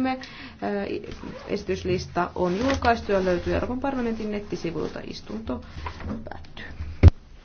työmme. Äh, esityslista on julkaistu ja löytyy Euroopan parlamentin nettisivuilta. Istunto päättyy.